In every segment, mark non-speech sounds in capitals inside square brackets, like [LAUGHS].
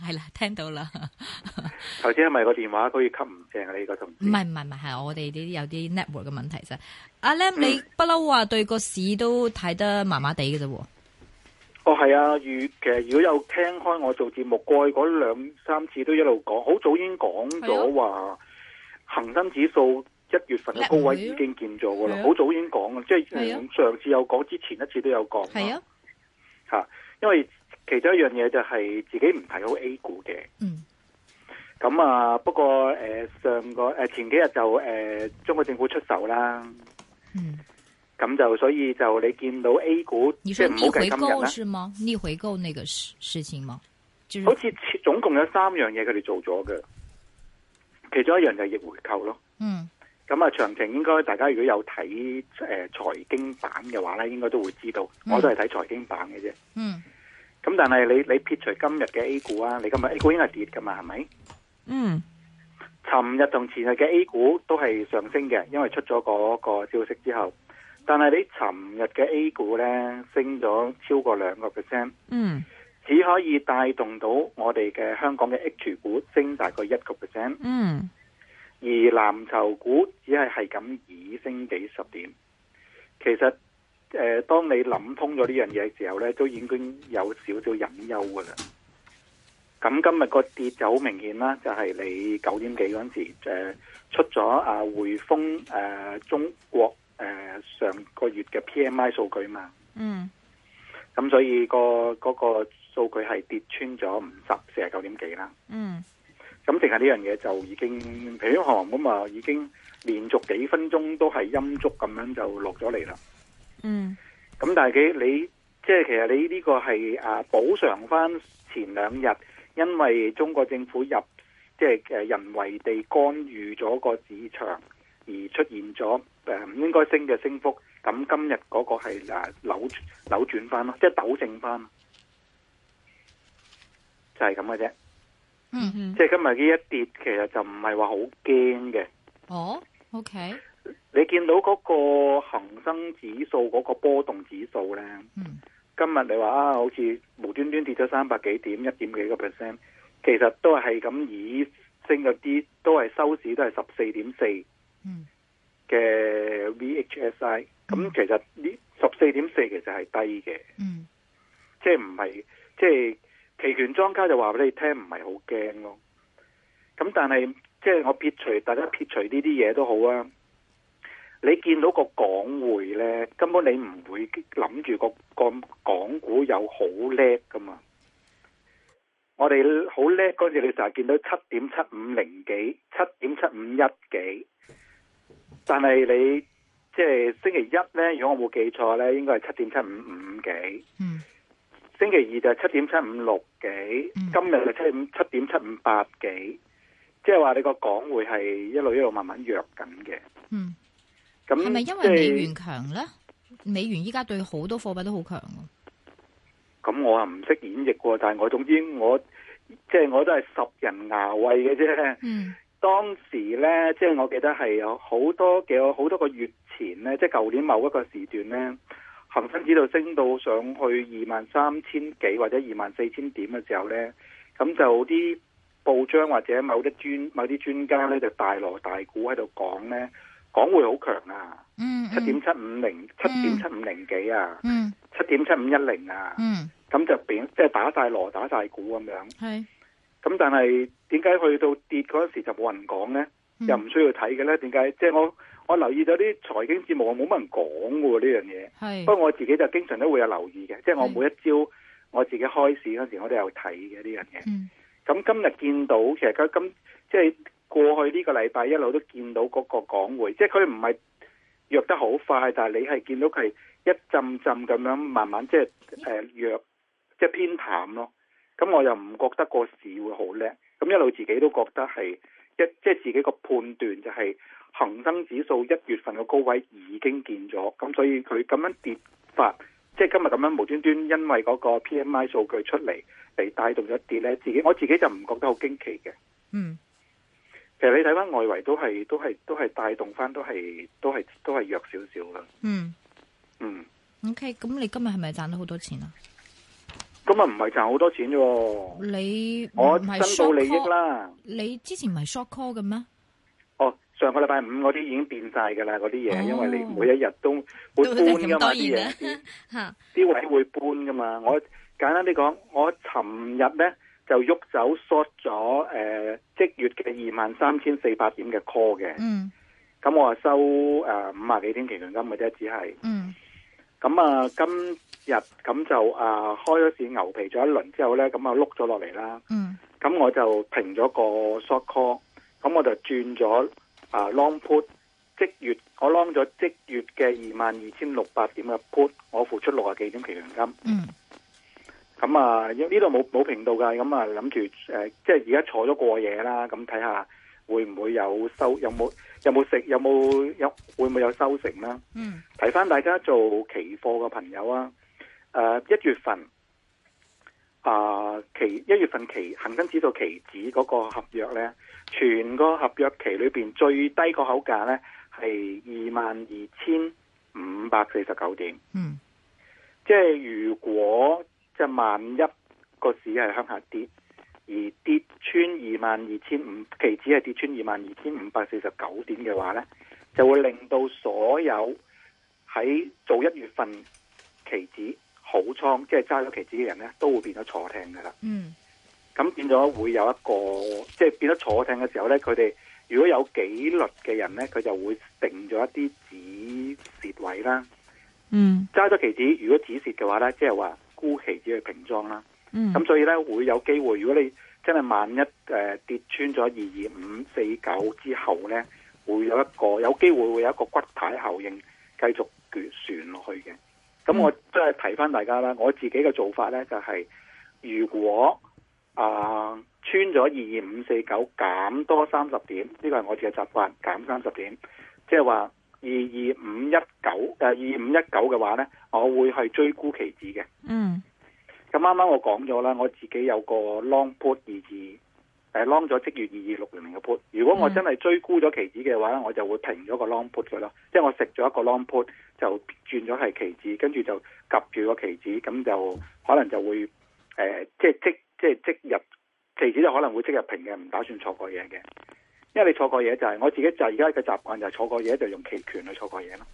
係啦，聽到啦。頭先係咪個電話可以吸唔正啊？呢個同唔係唔係唔係，係我哋呢啲有啲 network 嘅問題啫。阿 Lam，、嗯、你不嬲話對個市都睇得麻麻地嘅啫。哦，係啊，如其實如果有聽開我做節目，過去嗰兩三次都一路講，好早已經講咗話恒生指數一月份嘅高位已經見咗噶啦，好的早已經講啦，的即係上次有講，之前一次都有講。係啊的，吓，因為。其中一樣嘢，就係自己唔睇好 A 股嘅。嗯，咁啊，不過誒、呃、上個誒、呃、前幾日就誒、呃、中國政府出手啦，嗯，咁就所以就你見到 A 股好計，即係冇計今日啦，是嗎？逆回購呢個事事情嗎？就是，好似總共有三樣嘢佢哋做咗嘅，其中一樣就係逆回購咯，嗯，咁啊，詳情應該大家如果有睇誒財經版嘅話咧，應該都會知道，嗯、我都係睇財經版嘅啫，嗯。咁但係你你撇除今日嘅 A 股啊，你今日 A 股應該係跌噶嘛，係咪？嗯。尋日同前日嘅 A 股都係上升嘅，因為出咗嗰個消息之後，但係你尋日嘅 A 股咧升咗超過兩個 percent，嗯，只可以帶動到我哋嘅香港嘅 H 股升大概一個 percent，嗯，而藍籌股只係係咁已升幾十點，其實。誒，當你諗通咗呢樣嘢嘅時候咧，都已經有少少隱憂噶啦。咁今日個跌就好明顯啦，就係、是、你九點幾嗰陣時候，誒出咗啊匯豐誒中國誒、啊、上個月嘅 P M I 數據嘛。嗯。咁所以、嗰個、嗰個數據係跌穿咗五十、四十九點幾啦。嗯。咁淨係呢樣嘢就已經皮一寒咁啊，已經連續幾分鐘都係陰燭咁樣就落咗嚟啦。嗯，咁但係佢你即係其實你呢個係啊補償翻前兩日，因為中國政府入即係誒人為地干預咗個市場而出現咗誒唔應該升嘅升幅，咁今日嗰個係誒扭轉，扭轉翻咯，即係糾正翻，就係咁嘅啫。嗯，嗯，即係今日呢一跌，其實就唔係話好驚嘅。哦，OK。你見到嗰個恒生指數嗰個波動指數咧，嗯、今日你話啊，好似無端端跌咗三百幾點一點幾個 percent，其實都係咁以升嗰啲，都係收市都係十四點四嘅 VHSI，嗯。咁、嗯、其實呢十四點四其實係低嘅，嗯，即係唔係即係期權莊家就話俾你聽唔係好驚咯。咁但係即係我撇除大家撇除呢啲嘢都好啊。你見到個港匯呢，根本你唔會諗住個港股有好叻㗎嘛？我哋好叻嗰時，你成日見到七點七五零幾、七點七五一幾，但係你即係、就是、星期一呢，如果我冇記錯呢應該係七點七五五幾。嗯、星期二就七點七五六幾，嗯、今日就七點七點七五八幾，即係話你個港匯係一路一路慢慢弱緊嘅。嗯。係咪那因為美元強咧？嗯、美元依家對好多貨幣都好強、啊。咁我啊唔識演繹，但係我總之我即係、就是、我都係拾人牙慧嘅啫。嗯，當時咧，即、就、係、是、我記得係有好多嘅好多個月前咧，即係舊年某一個時段咧，恒生指數升到上去二萬三千幾或者二萬四千點嘅時候咧，咁就啲報章或者某啲專某啲專家咧就大鑼大鼓喺度講咧。港匯好強啊！七點七五零，七點七五零幾啊！七點七五一零啊！咁、嗯、就變即係、就是、打晒鑼打晒鼓咁樣。咁是但係點解去到跌嗰時就冇人講咧？嗯、又唔需要睇嘅咧？點解？即、就、係、是、我我留意到啲財經節目我冇乜人講喎呢樣嘢。是不過我自己就經常都會有留意嘅，即、就、係、是、我每一朝我自己開市嗰時我都有睇嘅呢樣嘢。咁、嗯、今日見到其實佢今即係。過去呢個禮拜一路都見到嗰個港匯，即係佢唔係弱得好快，但係你係見到佢係一陣陣咁樣慢慢即係誒弱，即係偏淡咯。咁我又唔覺得個市會好叻，咁一路自己都覺得係一即係自己個判斷就係恆生指數一月份嘅高位已經見咗，咁所以佢咁樣跌法，即係今日咁樣無端端因為嗰個 PMI 數據出嚟嚟帶動咗跌咧，自己我自己就唔覺得好驚奇嘅。嗯。其實你睇翻外圍都係都係都係帶動翻都係都係都係弱少少噶。嗯嗯。OK，咁你今日係咪賺咗好多錢啊？今日唔係賺好多錢啫。你 call，我真冇利益啦。你之前唔係 short call 嘅咩？哦，上個禮拜五嗰啲已經變晒噶啦，嗰啲嘢，哦、因為你每一日都會搬噶嘛，啲嘢、哦，吓，啲 [LAUGHS] 位會搬噶嘛。 [LAUGHS] 我簡單啲講，我尋日咧。就喐手 short 咗，誒，即月嘅二萬三千四百點嘅 call 嘅，咁、嗯、我話收誒五啊幾點期權金嘅啫，只係、嗯，咁啊今日咁就啊、呃、開咗市牛皮咗一輪之後咧，咁啊碌咗落嚟啦，咁、嗯、我就停咗個 short call，咁我就轉咗啊 long put，即月我 long 咗即月嘅二萬二千六百點嘅 put，我付出六啊幾點期權金。嗯咁啊，呢度冇冇平到噶，咁啊諗住誒，即係而家坐咗過夜啦，咁睇下會唔會有收，有冇有冇食，有冇有，有會唔會有收成啦？嗯，睇翻大家做期貨嘅朋友啊，誒、呃、一月份啊期、呃、一月份期恒生指數期指嗰個合約咧，全個合約期裏邊最低個口價咧係二萬二千五百四十九點。嗯，即係如果。即係萬一個市係向下跌，而跌穿二萬二千五期指係跌穿二萬二千五百四十九點嘅話咧，就會令到所有喺做一月份期指好倉，即係揸咗期指嘅人咧，都會變咗坐艇噶啦。嗯，咁變咗會有一個，即係變咗坐艇嘅時候咧，佢哋如果有紀律嘅人咧，佢就會定咗一啲止蝕位啦。嗯，揸咗期指如果止蝕嘅話咧，即係話。沽期只嘅瓶裝啦，咁、嗯、所以咧會有機會，如果你真係萬一誒跌穿咗二二五四九之後咧，會有一個有機會會有一個骨牌效應繼續斷旋落去嘅。咁我即係提返大家啦，我自己嘅做法咧就係、是、如果啊、呃、穿咗二二五四九減多三十點，呢個係我自己嘅習慣，減三十點，即係話。二二五一九，誒，二五一九嘅話咧，我會去追沽期指嘅。嗯。咁啱啱我講咗啦，我自己有個 long put 二二，誒、呃、long 咗即月二二六零零嘅 put。如果我真係追沽咗期指嘅話咧，我就會停咗個 long put 噶啦，即係我食咗一個 long put 就轉咗係期指，跟住就及住個期指，咁就可能就會誒、呃，即係即即係即，即，即，即，即入期指就可能會即入平嘅，唔打算錯過嘢嘅。因為你錯過嘢就係、是、我自己就而家嘅個習慣就係錯過嘢就用期權去錯過嘢咯。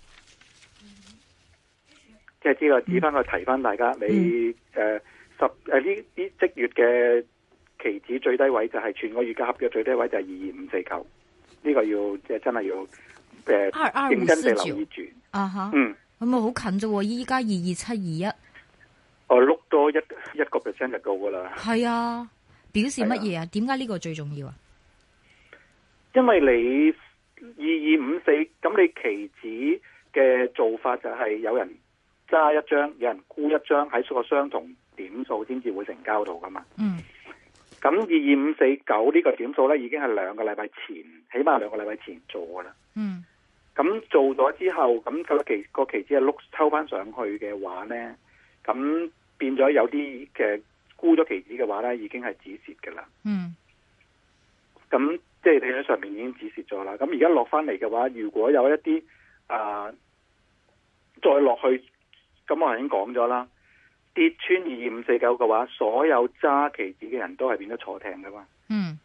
即係知道，指翻個提翻大家、mm hmm. 你誒、呃、十誒呢呢積月嘅期指最低位就係、是、全個月嘅合約最低位就係二二五四九。呢、這個要即係、就是、真係要誒、呃、認真地留意住。啊哈、uh，huh. 嗯，咁咪好近啫？依家二二七二一。我碌、呃、多一一個 percent 就夠噶啦。係啊，表示乜嘢啊？點解呢個最重要啊？因為你二二五四咁，你期指嘅做法就係有人揸一張，有人沽一張，喺個相同點數先至會成交到噶嘛。嗯。咁二二五四九呢個點數咧，已經係兩個禮拜前，起碼兩個禮拜前做噶啦。嗯。咁做咗之後，咁、個期、個期個期指係碌抽翻上去嘅話咧，咁變咗有啲嘅沽咗期指嘅話咧，已經係止蝕噶啦。嗯。咁。即係睇喺上面已經止蝕咗啦，咁而家落翻嚟嘅話，如果有一啲啊、呃、再落去，咁我已經講咗啦，跌穿二二五四九嘅話，所有揸期指嘅人都係變咗坐艇噶嘛。嗯，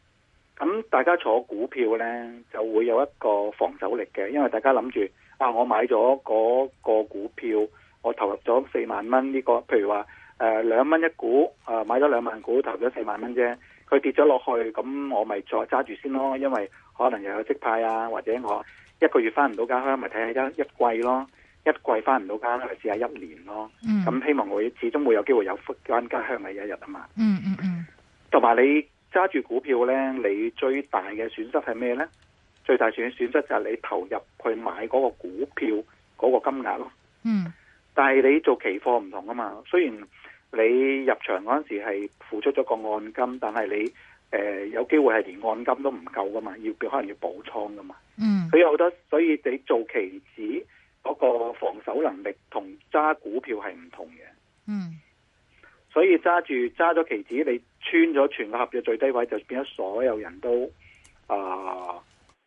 咁大家坐股票呢，就會有一個防守力嘅，因為大家諗住啊，我買咗嗰個股票，我投入咗四萬蚊呢、這個，譬如話誒兩蚊一股，誒、呃、買咗兩萬股，投咗四萬蚊啫。佢跌咗落去，咁我咪再揸住先咯，因為可能又有即派啊，或者我一個月翻唔到家鄉，咪睇下一季咯，一季翻唔到家鄉，咪試下一年咯。嗯，咁希望我始終會有機會有翻家鄉嘅一日啊嘛。嗯嗯嗯。同埋你揸住股票呢，你最大嘅損失係咩呢？最大損損失就係你投入去買嗰個股票嗰個金額咯。嗯。但係你做期貨唔同啊嘛，雖然。你入場嗰陣時係付出咗個按金，但係你誒、呃、有機會係連按金都唔夠㗎嘛？要可能要補倉㗎嘛？嗯，佢有好多，所以你做期指嗰個防守能力同揸股票係唔同嘅。嗯，所以揸住揸咗期指，你穿咗全個合約最低位就變咗所有人都啊、呃、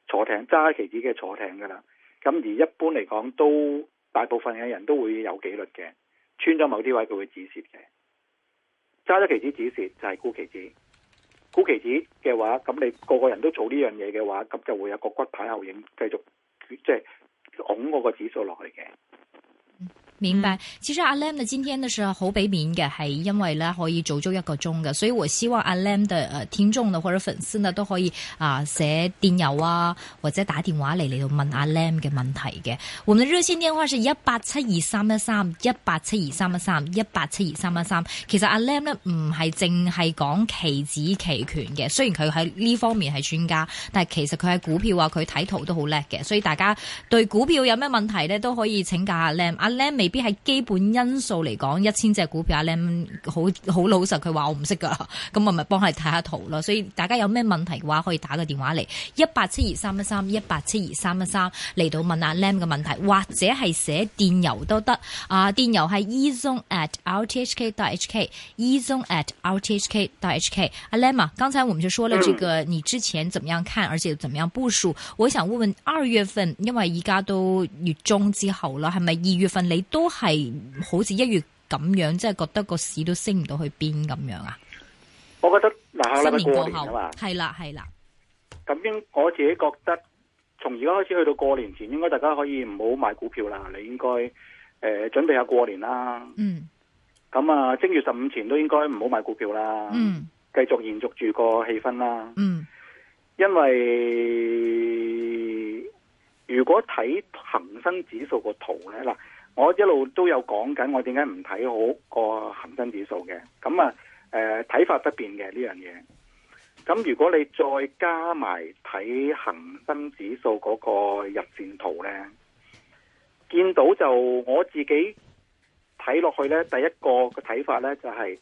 坐艇揸期指嘅坐艇㗎喇。咁而一般嚟講，都大部分嘅人都會有紀律嘅，穿咗某啲位佢會止蝕嘅。揸咗期指，止蝕，就係沽期指。沽期指嘅話，咁你個個人都做呢樣嘢嘅話，咁就會有個骨牌效應，繼續即係拱嗰個指數落去嘅。明白，其實阿 Lam 呢，今天呢是好俾面嘅，係因為呢，可以做足一個鐘嘅，所以我希望阿 Lam 嘅誒聽眾呢或者粉絲呢都可以寫電郵啊寫電郵啊或者打電話嚟嚟到問阿 Lam 嘅問題嘅。我們熱線電話是一八七二三一三一八七二三一三一八七二三一三。其實阿 Lam 呢，唔係淨係講期指期權嘅，雖然佢喺呢方面係專家，但係其實佢喺股票啊，佢睇圖都好叻嘅，所以大家對股票有咩問題呢，都可以請教阿 Lam 阿 Lam 未。未必喺基本因素嚟講，一千隻股票阿 Lam 好好老實，佢話我唔識噶，咁我咪幫佢睇下圖咯。所以大家有咩問題嘅話，可以打個電話嚟一八七二三一三一八七二三一三嚟到問阿、啊、Lam 嘅問題，或者係寫電郵都得。啊，電郵係 ezone at rthk hk，ezone at rthk hk。阿、啊、Lam 啊，剛才我們就說了，這個你之前怎麼樣看，而且怎麼樣部署？我想問問二月份，因為而家都月中之後啦，係咪二月份你？都係好似一月咁樣，即係覺得個市都升唔到去邊咁樣啊？我覺得下禮拜過後係啦係啦，咁應我自己覺得，從而家開始去到過年前，應該大家可以唔好買股票啦。你應該誒、呃、準備下過年啦。嗯。咁啊，正月十五前都應該唔好買股票啦。嗯。繼續延續住個氣氛啦。嗯。因為如果睇恒生指數個圖咧，嗱。我一路都有講緊，我點解唔睇好個恒生指數嘅？咁啊，誒、呃，睇法不變嘅呢樣嘢。咁如果你再加埋睇恒生指數嗰個日線圖呢，見到就我自己睇落去呢。第一個嘅睇法呢，就係、是、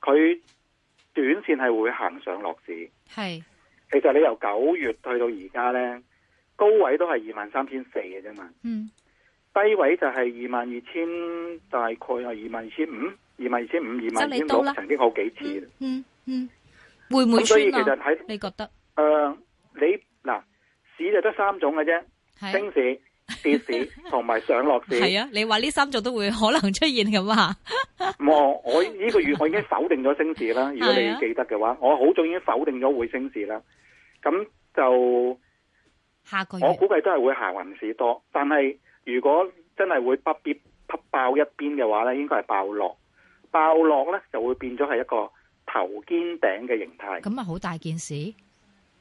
佢短線係會行上落市。係是。其實你由九月去到而家呢，高位都係二萬三千四嘅啫嘛。嗯。低位就係二萬二千，大概係二萬二千五、二萬二千五、二萬二千六，曾經好幾次嗯。嗯嗯，會唔會、啊、所以其實喺你覺得？誒、呃，你嗱市就得三種嘅啫，啊、升市跌市同埋 [LAUGHS] 上落市。係啊，你話呢三種都會可能出現咁啊 [LAUGHS] 、哦？我我呢、呢個月我已經否定咗升市啦。如果你記得嘅話，啊、我好早已經否定咗會升市啦。咁就下個月，我估計都係會行橫市多，但係。如果真係會不必爆一邊嘅話咧，應該係爆落，爆落咧就會變咗係一個頭肩頂嘅形態。咁啊，好大件事？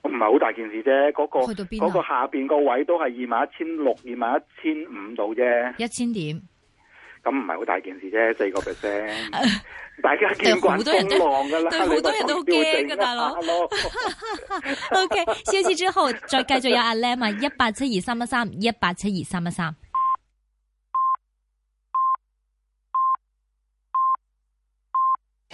唔係好大件事啫，嗰、嗰個去到邊？嗰個下邊個位都係二萬一千六，二萬一千五度啫，一千點。咁唔係好大件事啫，四個 percent。 [LAUGHS] 大家見慣，好望噶啦， [LAUGHS] 對好多，多人都好驚噶大佬。OK，消息之後再繼續有阿 Lam 啊，一八七二三一三，一八七二三一三。